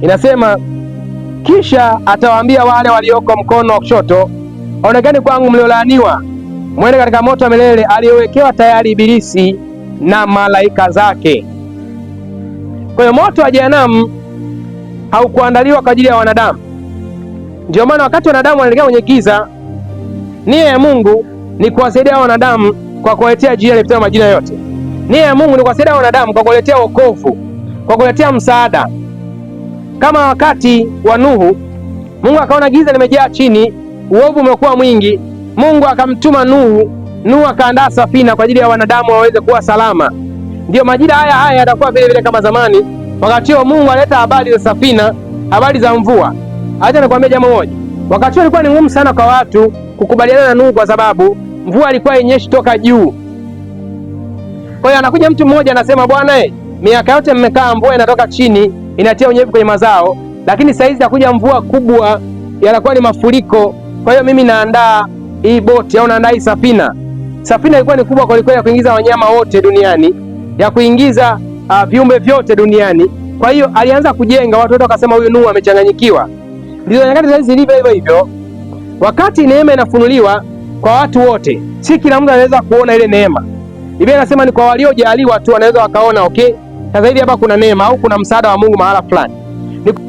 Inasema, kisha atawaambia wale walioko mkono wa kushoto, ondokeni kwangu mliolaaniwa, mwende katika moto wa milele aliyowekewa tayari Ibilisi na malaika zake. Kwa hiyo moto wa jehanamu haukuandaliwa kwa ajili ya wanadamu. ndio maana wakati wanadamu wanaelekea kwenye giza, nia ya Mungu ni kuwasaidia wanadamu kwa kuwaletea jina lipitalo majina yote. Nia ya Mungu ni kuwasaidia wanadamu kwa kuwaletea wokovu, kwa kuwaletea msaada kama wakati wa Nuhu. Mungu akaona giza limejaa chini, uovu umekuwa mwingi. Mungu akamtuma Nuhu. Nuhu akaandaa safina kwa ajili ya wanadamu waweze kuwa salama. Ndiyo majira haya haya yatakuwa vile vile kama zamani. Wakati huo Mungu aleta habari za safina, habari za mvua. Acha nikwambie jambo moja, wakati huo ilikuwa ni ngumu sana kwa watu kukubaliana na Nuhu kwa sababu mvua ilikuwa inyeshi toka juu. Kwa hiyo anakuja mtu mmoja anasema, bwana, miaka yote mmekaa mvua inatoka chini inatia unyevu kwenye mazao, lakini saa hizi zinakuja mvua kubwa, yanakuwa ni mafuriko. Kwa hiyo mimi naandaa hii boti au naandaa hii safina. Safina ilikuwa ni kubwa kwelikweli, ya kuingiza wanyama wote duniani, ya kuingiza uh, viumbe vyote duniani. Kwa hiyo alianza kujenga, watu wote wakasema huyu Nuhu amechanganyikiwa. Ndizo nyakati hizi zilivyo hivyo hivyo, wakati neema inafunuliwa kwa watu wote, si kila mtu anaweza kuona ile neema. Biblia inasema ni kwa waliojaliwa tu wanaweza wakaona, okay sasa hivi hapa kuna neema au kuna msaada wa Mungu mahala fulani.